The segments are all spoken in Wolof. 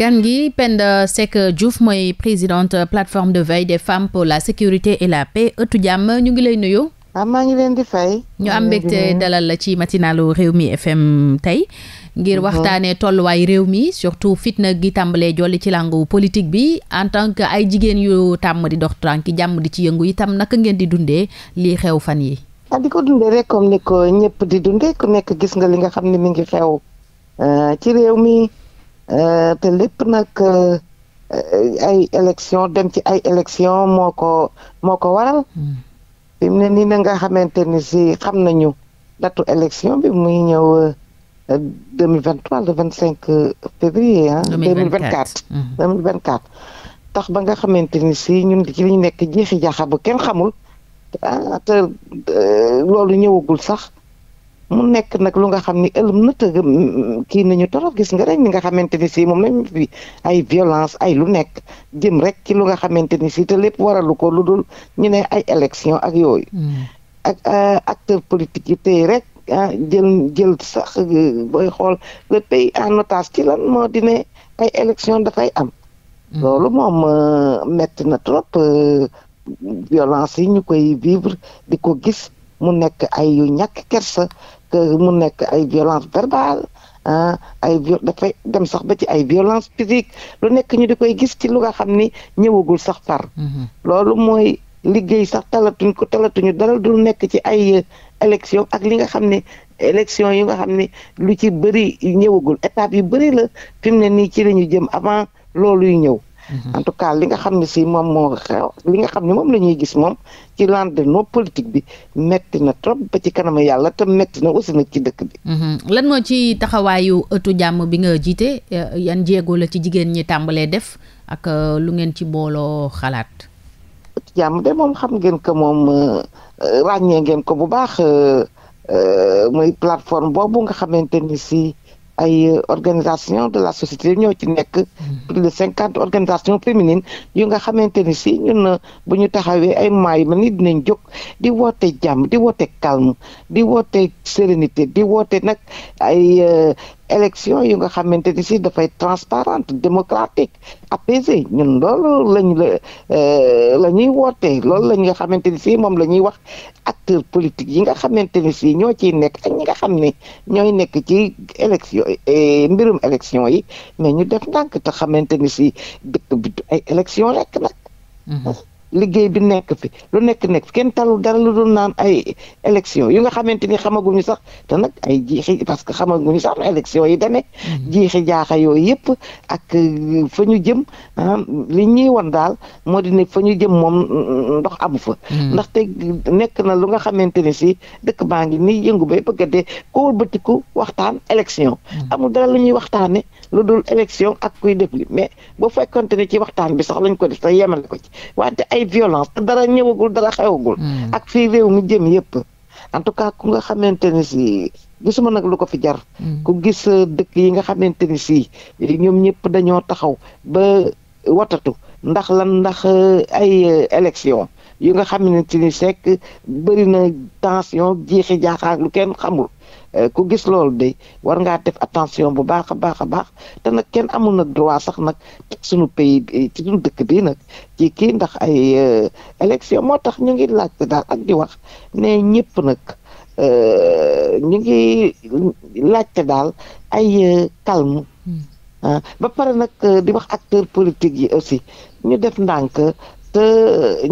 gan gi Penda Seck Diouf mooy présidente plateforme de veille des femmes la sécurité et la paix ëttu jàmm ñu ngi lay nuyu. waaw ah, maa ngi leen di fay. ñu am mbégte dalal la ci matinalu réew mi FM tey. ngir mhm. waxtaanee tolluwaay réew mi surtout fitna gi tàmbalee jolli ci làngu politique bi en tant que ay jigéen yu tàmm di dox tànki jàmm di ci yëngu itam naka ngeen di dundee lii xew fan yi ah di ko dundee rek ni ko ñëpp di dundee ku nekk gis nga li nga xam ne mi ngi xew euh, Euh, te lépp nag euh, ay élection dem ci ay élection moo ko moo ko waral hmm. fi mu ne nii na nga xamante ni si xam nañu datu élection bi muy ñëw deux mil vingt trois le vingt cinq février deux mille vingt quatre deux mille vingt quatre hmm. tax ba nga xamante ni si ñun ci ñu nekk jeexi jaaxa bu kenn xamul ah te euh, loolu ñëwagul sax mu nekk nag lu nga xam ni ëllëg na tëgg mm, mm, kii nañu torop gis nga rek ni nga xamante ni si moom lañ fi ay violence ay lu nekk jëm rek ci lu nga xamante ni si te lépp waralu ko lu dul ñu ne ay élection ak yooyu mm. ak euh, acteur politique yi tey rek ah, jël jël sax euh, booy xool le pays en otage ci lan moo di ne ay élection dafay am loolu moom euh, metti na trop violence yi ñu koy vivre di ko gis mu nekk ay yu ñàkk kersa mu nekk ay violence verbale ah ay viol dem sax ba ci ay violence physique lu nekk ñu di koy gis ci lu nga xam ni ñëwagul sax far mm-hmm. loolu mooy liggéey sax talatuñ ko talatuñu dara du nekk ci ay élection ak li nga xam ne élection yi nga xam ni lu ci bëri ñëwagul étape yu bëri la fi mu ne nii ci la ñu jëm avant loolu yu ñëw Mhm. en tout cas li nga xam ne si moom moo xew li nga xam ne moom la ñuy gis moom ci lendemain politique bi metti na trop ba ci kanam yàlla te metti na aussi na ci dëkk bi. Mhm. lan moo ci taxawaayu ëttu jàmm bi nga jiite eh, yan jéego la ci jigéen ñi tàmbalee def ak eh, lu ngeen ci booloo xalaat. ëttu jàmm de moom xam ngeen ko moom eh, ràññee ngeen ko bu baax muy plateforme boobu nga xamante ni si. ay organisation de la société ñoo ci nekk mm-hmm. plus de cinquante organisation féminines yu nga xamante ni si ñun bu ñu taxawee ay maay ma ni dinañ jóg di woote jàmm di woote calme di woote sérénité di woote nag ay euh, élection yu nga xamante ni si dafay transparente démocratique apaisé ñun loolu lañ la euh, la ñuy wootee loolu la ñu nga xamante ni si moom la ñuy wax acteur politique yi nga xamante ni si ñoo ciy nekk ak ñi nga xam ne ñooy nekk ci élection eh, mbirum élection yi mais ñu def ndànk te xamante ni si dëkk bi ay élection rek nag mm-hmm. liggéey bi nekk fi lu nekk nekk fi kenn talul dara lu dul naan ay élection yu nga xamante ni xamaguñu sax te nag ay jiixi parce que xamaguñu sax élection yi demee mm-hmm. jiixi jaaxa yooyu yëpp ak euh, fa ñu jëm ah, li ñuy wan daal moo di ne fa ñu jëm moom mm, ndox amu fa mm-hmm. ndaxte nekk na lu nga xamante ni si dëkk baa ngi nii yëngu bay bëgg a dee ko wëlbatiku waxtaan élection mm-hmm. amul dara lu ñuy waxtaane lu dul élection ak kuy def li mais bu fekkonte ne ci waxtaan bi sax lañ ko def te yemale ko ci wante ay violence dara ñëwagul dara xewagul. Hmm. ak fii réew mi jëm yëpp. en tout cas ku nga xamante ne si gisuma nag lu ko fi jar. Hmm. ku gis euh, dëkk yi nga xamante ni si ñoom ñëpp dañoo taxaw ba watatu ndax lan ndax euh, ay euh, élection yu nga xamante ni sekk bëri na tension jeexi jaaxaak lu kenn xamul. Eh, ku gis loolu de war ngaa def attention bu baax a baax a baax te nag kenn amul nag droit sax nag eh, ci suñu pays ci suñu dëkk bii nag ci kii ndax ay eh, élection moo tax ñu ngi laaj daal ak di wax ne ñëpp nag ñu ngi laajte daal ay calme hmm. ah, ba pare nag di wax acteur politiques yi aussi ñu def ndànk te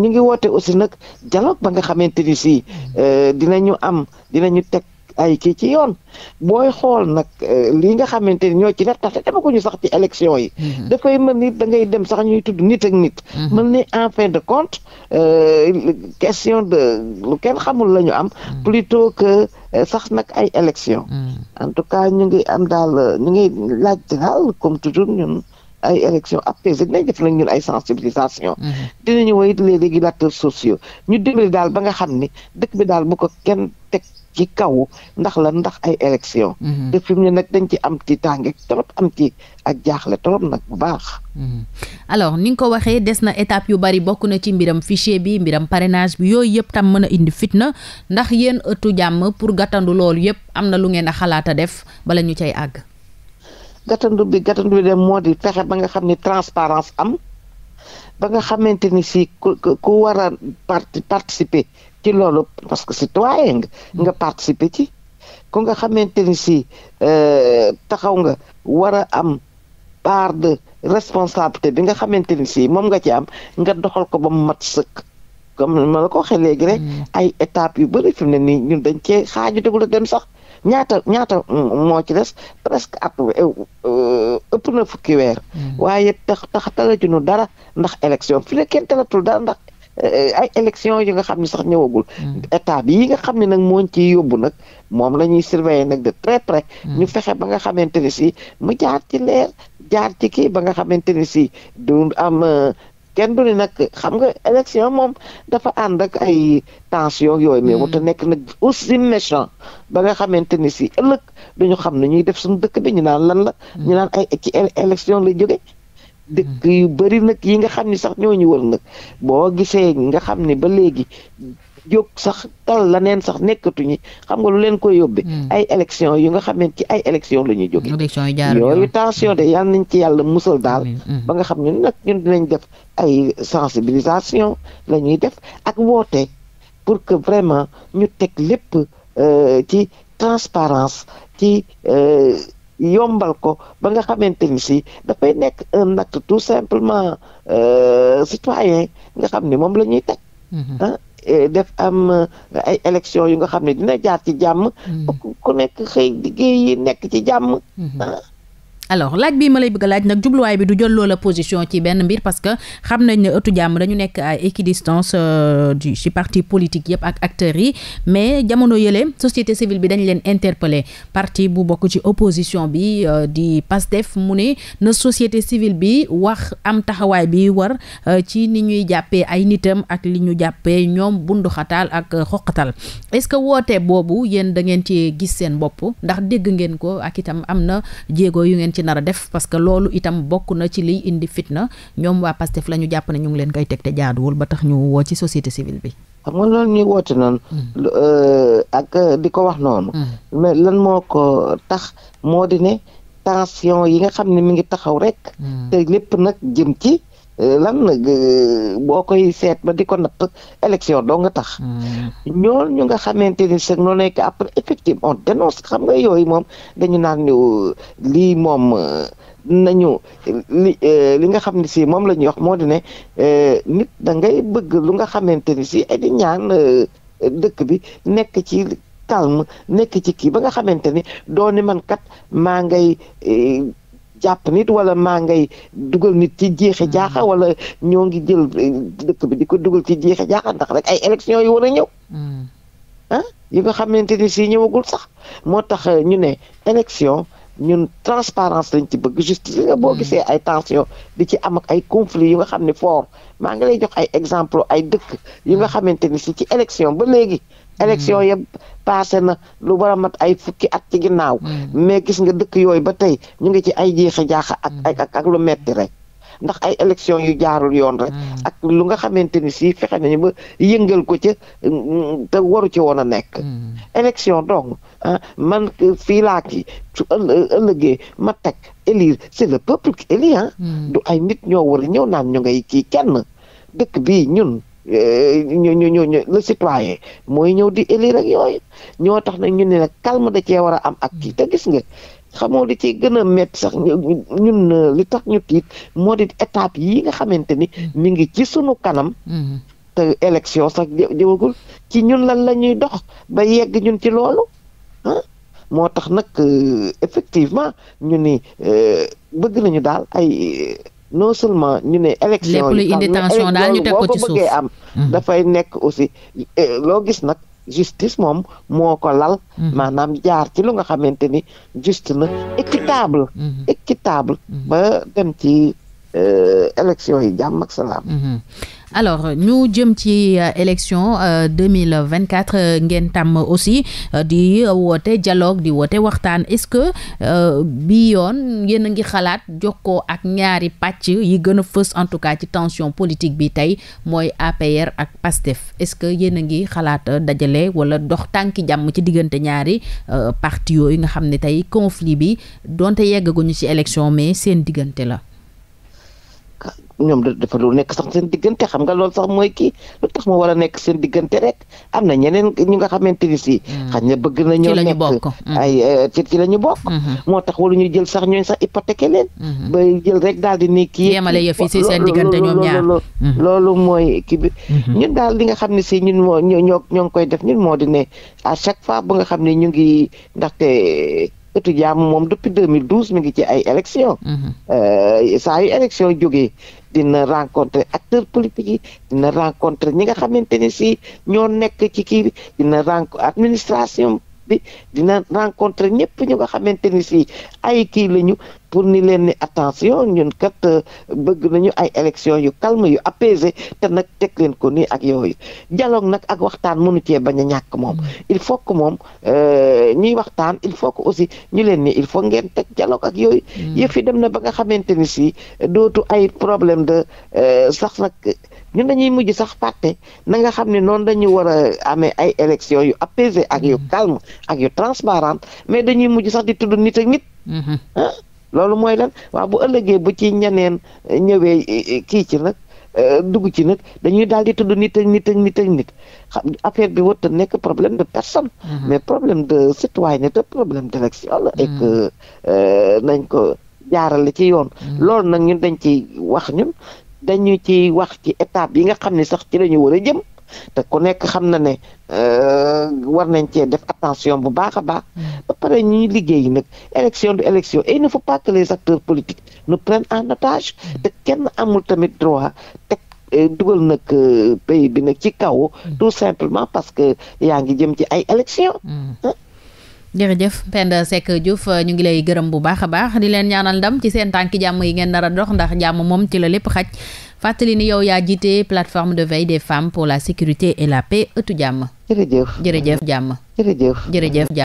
ñu ngi woote aussi nag dialogue ba nga xamante ni si hmm. ñu am dinañu teg ay kii ci yoon booy xool nag eh, lii nga xamante ni ñoo ci nekk tax ñu sax ci élection yi. Mm-hmm. dafay mën ni da ngay dem sax ñuy tudd nit ak nit. mën mm-hmm. ni en fin de compte euh, question de lu kenn xamul la ñu am. Mm-hmm. plutôt que eh, sax nag ay élection en tout cas ñu ngi am daal ñu ngi laaj daal comme toujours ñun. ay élections apaisées dinañ def nag ñun ay sensibilisation mhm. dinañu woy les régulateurs sociaux ñu dimbali daal ba nga xam ni dëkk bi daal bu ko kenn teg ci kaw ndax la ndax ay élections mhm. te fi mu ne nag dañ ci am ci tànge trop am ci ak jaaxle trop nag bu baax mhm. alors ni nga ko waxee des na étape yu bari bokk na ci mbiram fichier bi mbiram parrainage bi yooyu yëpp tam mën a indi fitna ndax yéen ëttu jàmm pour gàttandu loolu yëpp am na lu ngeen a xalaat a def bala ñu cay àgg gàttandu bi gàttandu bi de moo di fexe ba nga xam ni transparence am ba nga xamante ni si ku ku war a parti participer ci loolu parce que citoyen nga mm. nga participer ci ku nga xamante ni si euh, taxaw nga war a am par de responsabilité bi nga xamante ni si moom nga ci am nga doxal ko ba mu mat sëkk comme ma la ko waxee léegi rek mm. ay étapes yu bëri fi mu ne nii ñun dañ cee xaaju dem sax ñaata ñaata moo ci des presque at euh, ëpp na fukki weer mm. waaye tax tax talatuñu dara ndax élection fi ne kenn talatul dara ndax euh, ay élection yi nga xam ne sax ñëwagul mm. état yi nga xam ne nag mooñ ci yóbbu nag moom la ñuy surveiller nag de très près ñu fexe ba nga xamante ne si mu jaar ci leer jaar ci kii ba nga xamante ne si du am euh, kenn du ni nag xam nga élection moom dafa ànd ak ay tension yooyu mais hmm. wata nekk nag aussi méchant ba nga xamante ni si ëllëg duñu xam ne ñuy def suñ dëkk bi ñu naan lan la ñu hmm. naan ay ci élection lay jóge hmm. dëkk yu bëri nag yi nga xam ni sax ñoo wër nag boo gisee nga xam ni ba léegi jóg sax tal la neen sax nekkatuñu xam nga lu leen koy yóbbee. Hmm. ay élection yu nga xam ci ay élection la ñuy jógee. yooyu tension de yal nañ ci yàlla musal daal. Hmm, hmm. ba nga xam ñun nag ñun dinañ def ay sensibilisation la ñuy def ak woote pour que vraiment ñu teg lépp euh, ci transparence ci. Euh, yombal ko ba nga xamante ni si dafay nekk un acte tout simplement euh, citoyen nga xam ni moom la ñuy teg. Ah, Eh, def am eh, ay élection yu nga xam ne dina jaar ci jàmm mm-hmm. ku nekk xëy liggéey yi nekk ci jàmm mm-hmm. ah. alors laaj bi ma lay bëgg laaj nag jubluwaay bi du jël loola position ci benn mbir parce que xam nañ ne ëttu jàmm dañu nekk à équidistance euh, du ci parti politique yëpp ak acteur yi mais jamono yële société civile bi dañ leen interpellé parti bu bokk ci opposition bi euh, di PASTEF mu ni na société civile bi wax am taxawaay bi war euh, ci ni ñuy jàppee ay nitam ak li ñu jàppee ñoom bunduxataal ak xoqatal est-ce que woote boobu yéen da ngeen ci gis seen bopp ndax dégg ngeen ko ak itam am na jéego yu ngeen ci nar a def parce que loolu itam bokk na ci liy indi fitna ñoom waa Pastef la ñu jàpp nañ ñu ngi leen koy teg te jaaduwul ba tax ñu woo ci société civile bi. xam nga loolu ñuy woote noonu. Hmm. Euh, ak di ko wax noonu. Hmm. mais moo ko tax moo di ne tension yi nga xam ne mi ngi taxaw rek. Hmm. te lépp nag jëm ci. lan nag boo koy seet ma di ko natt élection doo nga tax ñool ñu nga xamante ni sax noo nekk après effectivement on dénonce xam nga yooyu moom dañu naan ni lii moom nañu li li nga xam ni si moom la ñuy wax moo di ne nit da ngay bëgg lu nga xamante ni si ay di ñaan dëkk bi nekk ci calme nekk ci kii ba nga xamante ni doo ni man kat maa ngay jàpp nit wala maa ngay dugal nit ci jeexe hmm. jaaxa wala ñoo ngi jël eh, dëkk bi di ko dugal ci jeexe jaaxa ndax rek ay élection yu war a ñëw hmm. ah yi nga xamante ni si ñëwagul sax moo tax eh, ñu ne élection ñun transparence lañ ci bëgg justice nga boo hmm. gisee ay tension di ci am ay conflits yu nga xam ne fort maa ngi lay jox ay exemple ay dëkk yu nga xamante ni si ci élection ba léegi hmm. élection yëpp passé na lu war a mat ay fukki at ci ginnaaw hmm. mais gis nga dëkk yooyu ba tey ñu ngi ci ay jeexa jaaxa ak ak ak lu metti rek ndax ay élection yu jaarul yoon rek mm. ak lu nga xamante ni si fexe nañu ba yëngal ko ca mm, te waru ci woon a nekk mm. élection donc ah, man fii laa ki su ëllëgee ma teg élire c'est le peuple qui élit ah. du ay nit ñoo war a ñëw naan ñu ngay kii kenn dëkk bii ñun eh, ñu ñu ñu ñu le mooy ñëw di élire ak yooyu ñoo tax nag ñu ne nag calme da cee war a am ak kii te gis nga xamoo li ci gën a métti sax ñun euh, li tax ñu tiit moo di étape yi nga xamante ni mu mm-hmm. ngi ci suñu kanam mm-hmm. te élection sax jëwagul ci ñun lan la ñuy dox ba yegg ñun ci loolu ah. moo tax nag euh, effectivement ñu ni euh, bëgg nañu daal ay non seulement ñu ne élection yi lépp luy indi tension daal ñu teg ko ci suuf mm-hmm. dafay nekk aussi loo gis nag justice moom moo ko lal. Mm-hmm. maanaam jaar ci lu nga xamante ni juste na équitable. Mm-hmm. équitable mm-hmm. ba dem ci euh, élection yi jàmm ak salaam. alors ñu jëm ci euh, élection euh, deux mille vingt quatre euh, ngeen tàmm aussi di woote jaloog di woote waxtaan est-ce que bi yoon yéen a ngi xalaat jokkoo ak ñaari pàcc yi gën a fës en tout cas ci tension politique bi tey mooy APR ak PASTEF est-ce que yéen a ngi xalaat dajale wala dox tànki jàmm ci diggante ñaari parti yooyu nga xam ne tey conflit bi donte yeggaguñu ci élection mais seen diggante la. ñoom dafa lu nekk sax seen diggante xam nga loolu sax mooy kii lu tax mu war a nekk seen diggante rek am na ñeneen ñu nga xamante ni si. Mm. xaj na bëgg na ñoo nekk mm. ay euh, ci ci la ñu bokk. Mm-hmm. moo tax waruñu jël sax ñooñ sax hypothéqué leen. Mm-hmm. ba jël rek daal di ni kii. yemale yëf si seen diggante ñoom ñaar mm-hmm. loolu mooy kii bi. ñun daal li nga xam ne si ñun moo ñoo ñoo ngi koy def ñun moo di ne à chaque fois bu nga xam ne ñu ngi ndaxte. étudiant moom depuis 2012 mi ngi ci ay élection mhm. euh, saa yu élection jógee dina rencontrer acteurs politiques yi dina rencontrer ñi nga xamante ne si ñoo nekk ci kii bi dina rencontre administration bi dina rencontrer ñëpp ñu nga xamante ni si ay kii lañu pour ni leen ni attention ñun kat euh, bëgg nañu ay élection yu calme yu apaisé te nag teg leen ko nii ak yooyu jaloog nag ak waxtaan mënu cee bañ a ñàkk moom mm. il faut que moom euh, ñuy waxtaan il faut que aussi ñu leen nii il faut ngeen teg dialogue ak yooyu mm. yëf yi dem na ba nga xamante ni si dootu ay problème de euh, sax nag ñun dañuy mujj sax fàtte na nga xam ne noonu dañu war a amee ay élection yu apaisé ak yu mm. calme ak yu transparente mais dañuy mujj sax di tudd nit loolu mooy lan waaw bu ëllëgee bu ci ñeneen ñëwee kii ci nag e, dugg ci nag dañuy daal tudd nit ak nit ak xam affaire bi warut a nekk problème de personne. Mhm. mais problème de citoyenneté problème d'élection la. et mhm. que e, nañ ko jaarale ci yoon. Mhm. loolu nag ñun dañ ci wax ñun dañu ci wax ci étape yi nga xam ne sax ci la ñu war a jëm. te ku nekk xam na ne euh, war nañ cee def attention bu baax a baax mm. ba pare ñuy liggéey nag élection du élection et il ne faut pas que les acteurs politiques nous prennent en otage mm. te kenn amul tamit droit teg euh, dugal nag euh, pays bi nag ci kaw mm. tout simplement parce que yaa ngi jëm ci ay élection jërëjëf Penda Seck Diouf ñu ngi lay gërëm bu baax a baax di leen ñaanal dam ci seen tànki jàmm yi ngeen nar a dox ndax jàmm moom ci la lépp xaj fàttali ni yow yaa jiite plateforme de veille des femmes pour la sécurité et la paix etu jàmm jërëjëf jërëjëf jàmm